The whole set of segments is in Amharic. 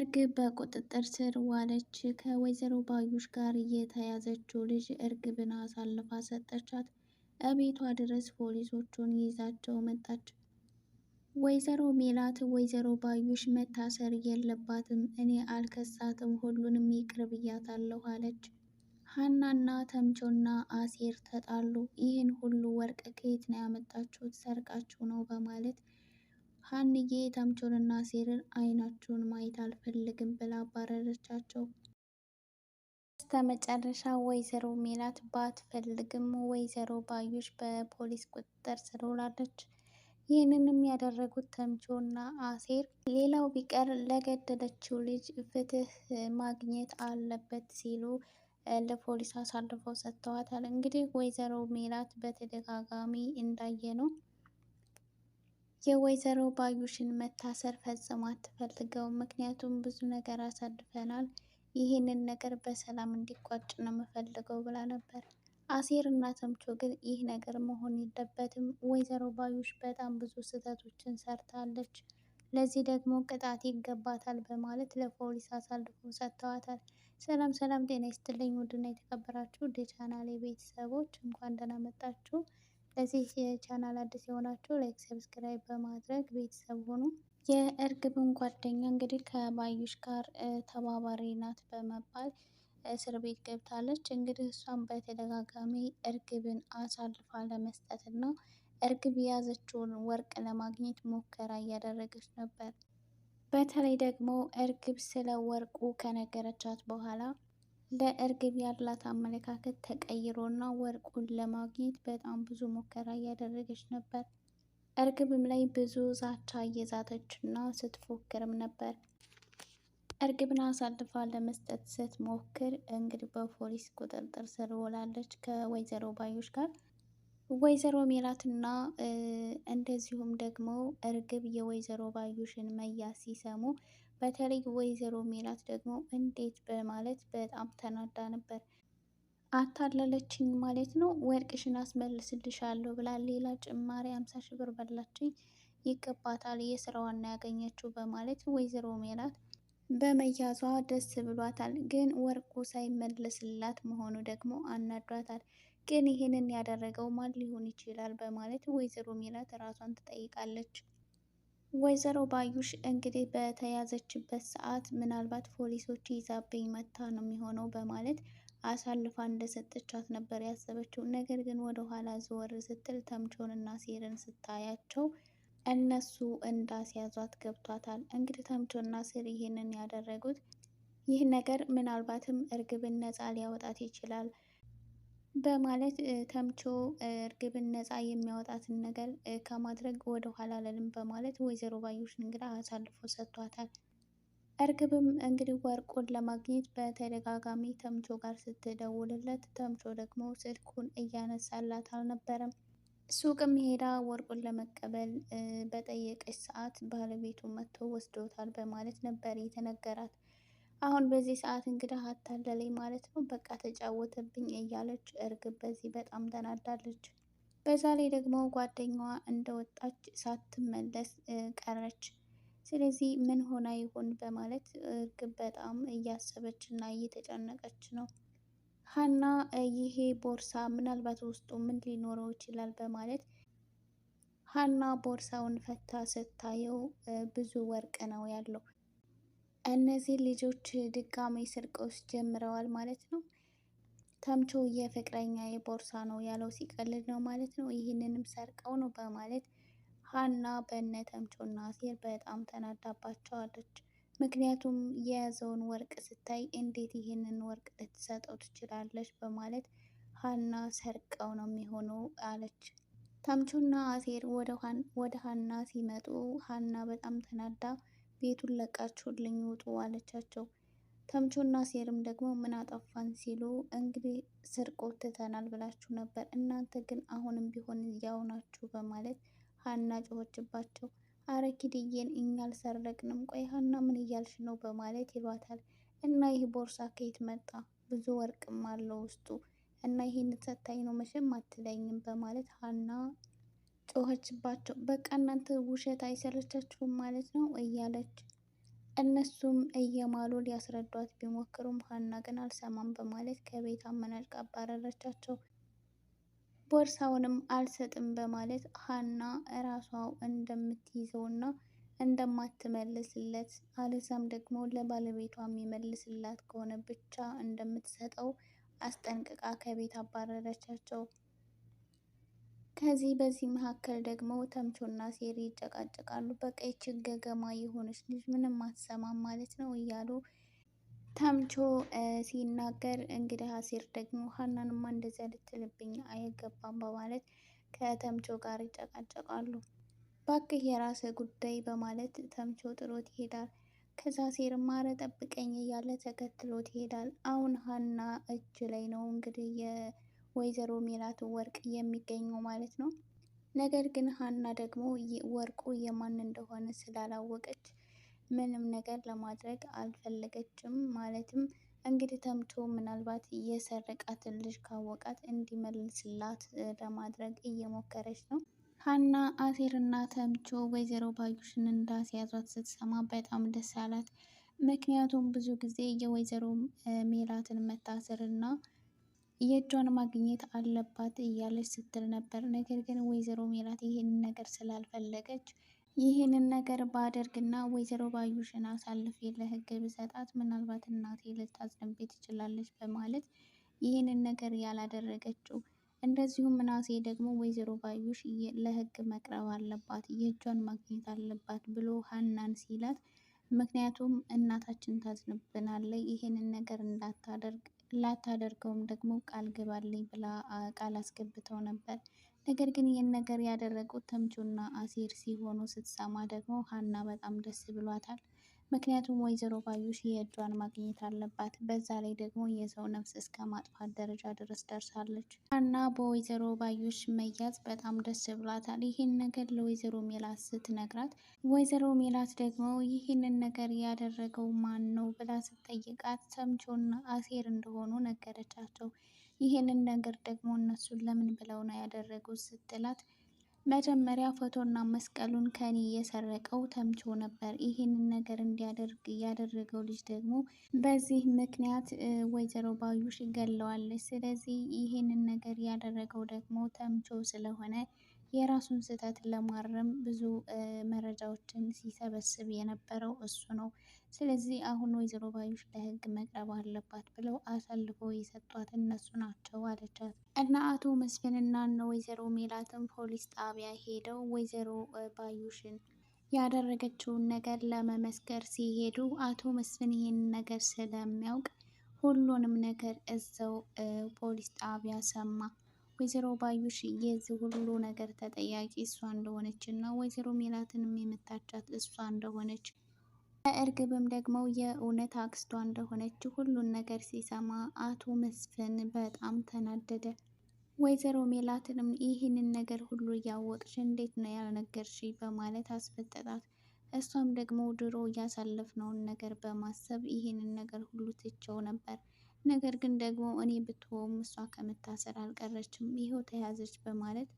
እርግ በቁጥጥር ስር ዋለች። ከወይዘሮ ባዩሽ ጋር የተያዘችው ልጅ እርግብን አሳልፋ ሰጠቻት። እቤቷ ድረስ ፖሊሶቹን ይዛቸው መጣች። ወይዘሮ ሜላት ወይዘሮ ባዩሽ መታሰር የለባትም፣ እኔ አልከሳትም፣ ሁሉንም ይቅር ብያታለሁ አለች። ሀናና ተምቾና አሴር ተጣሉ። ይህን ሁሉ ወርቅ ከየት ነው ያመጣችሁት? ሰርቃችሁ ነው በማለት ሀንዬ ተምቾንና ሴርን አይናችሁን ማየት አልፈልግም ብላ አባረረቻቸው። በስተመጨረሻ ወይዘሮ ሜላት ባትፈልግም ወይዘሮ ባዩሽ በፖሊስ ቁጥጥር ስር ውላለች። ይህንንም ያደረጉት ና አሴር ሌላው ቢቀር ለገደለችው ልጅ ፍትህ ማግኘት አለበት ሲሉ ለፖሊስ አሳልፈው ሰጥተዋታል። እንግዲህ ወይዘሮ ሜላት በተደጋጋሚ እንዳየ ነው የወይዘሮ ባዩሽን መታሰር ፈጽሞ አትፈልገውም። ምክንያቱም ብዙ ነገር አሳልፈናል፣ ይህንን ነገር በሰላም እንዲቋጭ ነው የምፈልገው ብላ ነበር። አሴር እና ተምቾ ግን ይህ ነገር መሆን የለበትም፣ ወይዘሮ ባዩሽ በጣም ብዙ ስህተቶችን ሰርታለች፣ ለዚህ ደግሞ ቅጣት ይገባታል በማለት ለፖሊስ አሳልፎ ሰጥተዋታል። ሰላም ሰላም፣ ጤና ይስጥልኝ ውድና የተከበራችሁ የቻናሌ ቤተሰቦች እንኳን ደህና መጣችሁ። ለዚህ የቻናል አዲስ የሆናችሁ ላይክ፣ ሰብስክራይብ በማድረግ ቤተሰብ ሆኑ። የእርግብን ጓደኛ እንግዲህ ከባዩሽ ጋር ተባባሪ ናት በመባል እስር ቤት ገብታለች። እንግዲህ እሷም በተደጋጋሚ እርግብን አሳልፋ ለመስጠት እና እርግብ የያዘችውን ወርቅ ለማግኘት ሙከራ እያደረገች ነበር። በተለይ ደግሞ እርግብ ስለ ወርቁ ከነገረቻት በኋላ ለእርግብ ያላት አመለካከት ተቀይሮና ወርቁን ለማግኘት በጣም ብዙ ሙከራ እያደረገች ነበር። እርግብም ላይ ብዙ ዛቻ እየዛተች ስትፎክርም ነበር። እርግብን አሳልፋ ለመስጠት ስትሞክር እንግዲህ በፖሊስ ቁጥጥር ስር ውላለች ከወይዘሮ ባዮች ጋር። ወይዘሮ ሜላትና እንደዚሁም ደግሞ እርግብ የወይዘሮ ባዮሽን መያዝ ሲሰሙ በተለይ ወይዘሮ ሜላት ደግሞ እንዴት በማለት በጣም ተናዳ ነበር። አታለለችኝ ማለት ነው ወርቅሽን አስመልስልሻለሁ ብላ ሌላ ጭማሪ አምሳ ሺህ ብር በላችኝ ይገባታል የስራዋና ያገኘችው በማለት ወይዘሮ ሜላት በመያዟ ደስ ብሏታል። ግን ወርቁ ሳይመለስላት መሆኑ ደግሞ አናዷታል። ግን ይህንን ያደረገው ማን ሊሆን ይችላል በማለት ወይዘሮ ሜላት ራሷን ትጠይቃለች። ወይዘሮ ባዩሽ እንግዲህ በተያዘችበት ሰዓት ምናልባት ፖሊሶች ይዛብኝ መታ ነው የሚሆነው በማለት አሳልፋ እንደሰጠቻት ነበር ያሰበችው። ነገር ግን ወደ ኋላ ዘወር ስትል ተምቾንና ሴርን ስታያቸው እነሱ እንዳስያዟት ገብቷታል። እንግዲህ ተምቾና ስር ይህንን ያደረጉት ይህ ነገር ምናልባትም እርግብን ነፃ ሊያወጣት ይችላል በማለት ተምቾ እርግብን ነፃ የሚያወጣትን ነገር ከማድረግ ወደ ኋላ አላለም በማለት ወይዘሮ ባዩሽን እንግዳ አሳልፎ ሰጥቷታል። እርግብም እንግዲህ ወርቁን ለማግኘት በተደጋጋሚ ተምቾ ጋር ስትደውልለት ተምቾ ደግሞ ስልኩን እያነሳላት አልነበረም። ሱቅም ሄዳ ወርቁን ለመቀበል በጠየቀች ሰዓት ባለቤቱ መጥቶ ወስዶታል በማለት ነበር የተነገራት። አሁን በዚህ ሰዓት እንግዲህ አታለለኝ ማለት ነው፣ በቃ ተጫወተብኝ እያለች እርግብ በዚህ በጣም ተናዳለች። በዛ ላይ ደግሞ ጓደኛዋ እንደወጣች ሳትመለስ ቀረች። ስለዚህ ምን ሆና ይሆን በማለት እርግብ በጣም እያሰበች እና እየተጨነቀች ነው። ሀና ይሄ ቦርሳ ምናልባት ውስጡ ምን ሊኖረው ይችላል በማለት ሀና ቦርሳውን ፈታ ስታየው ብዙ ወርቅ ነው ያለው። እነዚህ ልጆች ድጋሚ ስርቆስ ጀምረዋል ማለት ነው። ተምቾ የፍቅረኛ የቦርሳ ነው ያለው ሲቀልድ ነው ማለት ነው። ይህንንም ሰርቀው ነው በማለት ሀና በነ ተምቾና አሴር በጣም ተናዳባቸዋለች። ምክንያቱም የያዘውን ወርቅ ስታይ እንዴት ይህንን ወርቅ ልትሰጠው ትችላለች? በማለት ሀና ሰርቀው ነው የሚሆነው አለች። ተምቾና አሴር ወደ ሀና ሲመጡ ሀና በጣም ተናዳ ቤቱን ለቃችሁልኝ ውጡ አለቻቸው። ተምቾና ሴርም ደግሞ ምን አጠፋን ሲሉ እንግዲህ ስርቆት ትተናል ብላችሁ ነበር፣ እናንተ ግን አሁንም ቢሆን ያው ናችሁ በማለት ሀና ጮኸችባቸው። አረ ኪድዬን እኛ አልሰረቅንም፣ ቆይ ሀና ምን እያልሽ ነው በማለት ይሏታል። እና ይህ ቦርሳ ከየት መጣ? ብዙ ወርቅም አለው ውስጡ እና ይህን ሰታኝ ነው መቼም አትለኝም በማለት ሀና ጮኸችባቸው። በቃ እናንተ ውሸት አይሰለቻችሁም ማለት ነው እያለች እነሱም እየማሉ ሊያስረዷት ቢሞክሩም ሀና ግን አልሰማም በማለት ከቤት አመናጭቃ አባረረቻቸው። ቦርሳውንም አልሰጥም በማለት ሀና እራሷ እንደምትይዘው እና እንደማትመልስለት አለዛም ደግሞ ለባለቤቷ የሚመልስላት ከሆነ ብቻ እንደምትሰጠው አስጠንቅቃ ከቤት አባረረቻቸው። ከዚህ በዚህ መካከል ደግሞ ተምቾና ሴሪ ይጨቃጨቃሉ። በቃ ይችን ገገማ የሆነች ልጅ ምንም አትሰማም ማለት ነው እያሉ ተምቾ ሲናገር እንግዲህ አሴር ደግሞ ሀናንማ እንደዚያ ልትልብኝ አይገባም በማለት ከተምቾ ጋር ይጨቃጨቃሉ። ባክህ የራስ ጉዳይ በማለት ተምቾ ጥሎት ይሄዳል። ከዛ አሴር ማረ ጠብቀኝ እያለ ተከትሎት ይሄዳል። አሁን ሀና እጅ ላይ ነው እንግዲህ ወይዘሮ ሜላት ወርቅ የሚገኘው ማለት ነው። ነገር ግን ሀና ደግሞ ወርቁ የማን እንደሆነ ስላላወቀች ምንም ነገር ለማድረግ አልፈለገችም። ማለትም እንግዲህ ተምቶ ምናልባት የሰረቃትን ልጅ ካወቃት እንዲመልስላት ለማድረግ እየሞከረች ነው። ሀና አሴርና ተምቾ ወይዘሮ ባዩሽን እንዳስያዟት ስትሰማ በጣም ደስ አላት። ምክንያቱም ብዙ ጊዜ የወይዘሮ ሜላትን መታሰርና የእጇን ማግኘት አለባት እያለች ስትል ነበር። ነገር ግን ወይዘሮ ሜላት ይህንን ነገር ስላልፈለገች ይህንን ነገር ባደርግና ወይዘሮ ባዩሽን አሳልፌ ለህግ ብሰጣት ምናልባት እናቴ ልታዝንብ ትችላለች በማለት ይህንን ነገር ያላደረገችው። እንደዚሁም ምናሴ ደግሞ ወይዘሮ ባዩሽ ለህግ መቅረብ አለባት የእጇን ማግኘት አለባት ብሎ ሀናን ሲላት ምክንያቱም እናታችን ታዝንብናለች፣ ይህንን ነገር እንዳታደርግ ላታደርገውም ደግሞ ቃል ግባልኝ ብላ ቃል አስገብተው ነበር። ነገር ግን ይህን ነገር ያደረጉት ተምቹና አሲር ሲሆኑ ስትሰማ ደግሞ ሀና በጣም ደስ ብሏታል። ምክንያቱም ወይዘሮ ባዩሽ የእጇን ማግኘት አለባት። በዛ ላይ ደግሞ የሰው ነፍስ እስከ ማጥፋት ደረጃ ድረስ ደርሳለች እና በወይዘሮ ባዩሽ መያዝ በጣም ደስ ብሏታል። ይህን ነገር ለወይዘሮ ሜላት ስትነግራት፣ ወይዘሮ ሜላት ደግሞ ይህንን ነገር ያደረገው ማን ነው ብላ ስትጠይቃት ሰምቾና አሴር እንደሆኑ ነገረቻቸው። ይህንን ነገር ደግሞ እነሱን ለምን ብለው ነው ያደረጉት ስትላት መጀመሪያ ፎቶና መስቀሉን ከኔ እየሰረቀው ተምቾ ነበር። ይህንን ነገር እንዲያደርግ ያደረገው ልጅ ደግሞ በዚህ ምክንያት ወይዘሮ ባዩሽ ገለዋለች። ስለዚህ ይህንን ነገር ያደረገው ደግሞ ተምቾ ስለሆነ የራሱን ስህተት ለማረም ብዙ መረጃዎችን ሲሰበስብ የነበረው እሱ ነው። ስለዚህ አሁን ወይዘሮ ባዩሽ ለህግ መቅረብ አለባት ብለው አሳልፎ የሰጧት እነሱ ናቸው አለቻት እና አቶ መስፍንና እነ ወይዘሮ ሜላትን ፖሊስ ጣቢያ ሄደው ወይዘሮ ባዩሽን ያደረገችውን ነገር ለመመስከር ሲሄዱ አቶ መስፍን ይህን ነገር ስለሚያውቅ ሁሉንም ነገር እዛው ፖሊስ ጣቢያ ሰማ። ወይዘሮ ባዩሽ የዚህ ሁሉ ነገር ተጠያቂ እሷ እንደሆነች እና ወይዘሮ ሜላትንም የመታቻት እሷ እንደሆነች እርግብም ደግሞ የእውነት አክስቷ እንደሆነች ሁሉን ነገር ሲሰማ አቶ መስፍን በጣም ተናደደ። ወይዘሮ ሜላትንም ይህንን ነገር ሁሉ እያወቅሽ እንዴት ነው ያልነገርሽ? በማለት አስፈጠጣት። እሷም ደግሞ ድሮ እያሳለፍነውን ነገር በማሰብ ይህንን ነገር ሁሉ ትቸው ነበር። ነገር ግን ደግሞ እኔ ብትሆም እሷ ከመታሰር አልቀረችም፣ ይኸው ተያዘች በማለት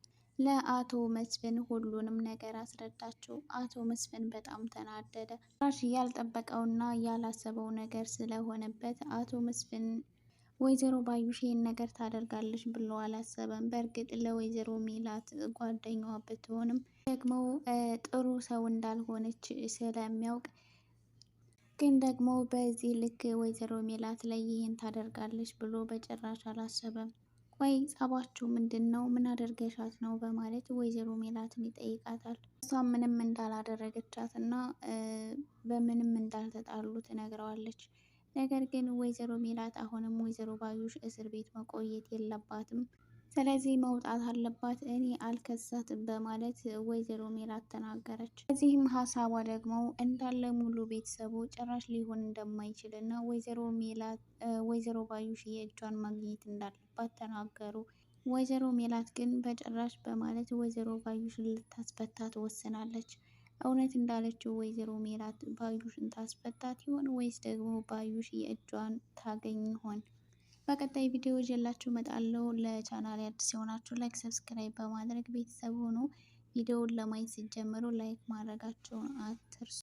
ለአቶ መስፍን ሁሉንም ነገር አስረዳቸው። አቶ መስፍን በጣም ተናደደ። ራሽ ያልጠበቀውና ያላሰበው ነገር ስለሆነበት አቶ መስፍን ወይዘሮ ባዩሽ ይህን ነገር ታደርጋለች ብሎ አላሰበም። በእርግጥ ለወይዘሮ ሚላት ጓደኛዋ ብትሆንም ደግሞ ጥሩ ሰው እንዳልሆነች ስለሚያውቅ ግን ደግሞ በዚህ ልክ ወይዘሮ ሜላት ላይ ይህን ታደርጋለች ብሎ በጭራሽ አላሰበም። ወይ ጸባችሁ ምንድን ነው? ምን አደርገሻት ነው? በማለት ወይዘሮ ሜላትን ይጠይቃታል። እሷም ምንም እንዳላደረገቻት እና በምንም እንዳልተጣሉ ትነግረዋለች። ነገር ግን ወይዘሮ ሜላት አሁንም ወይዘሮ ባዩሽ እስር ቤት መቆየት የለባትም ስለዚህ መውጣት አለባት እኔ አልከሳት በማለት ወይዘሮ ሜላት ተናገረች። በዚህም ሀሳቧ ደግሞ እንዳለ ሙሉ ቤተሰቡ ጭራሽ ሊሆን እንደማይችል እና ወይዘሮ ሜላት ወይዘሮ ባዩሽ የእጇን ማግኘት እንዳለባት ተናገሩ። ወይዘሮ ሜላት ግን በጭራሽ በማለት ወይዘሮ ባዩሽ ልታስፈታ ትወስናለች። እውነት እንዳለችው ወይዘሮ ሜላት ባዩሽን ታስፈታት ይሆን ወይስ ደግሞ ባዩሽ የእጇን ታገኝ ይሆን? በቀጣይ ቪዲዮ ይዤላችሁ እመጣለሁ። ለቻናል አዲስ የሆናችሁ ላይክ፣ ሰብስክራይብ በማድረግ ቤተሰብ ሆኖ ቪዲዮውን ለማየት ሲጀምሩ ላይክ ማድረጋችሁን አትርሱ።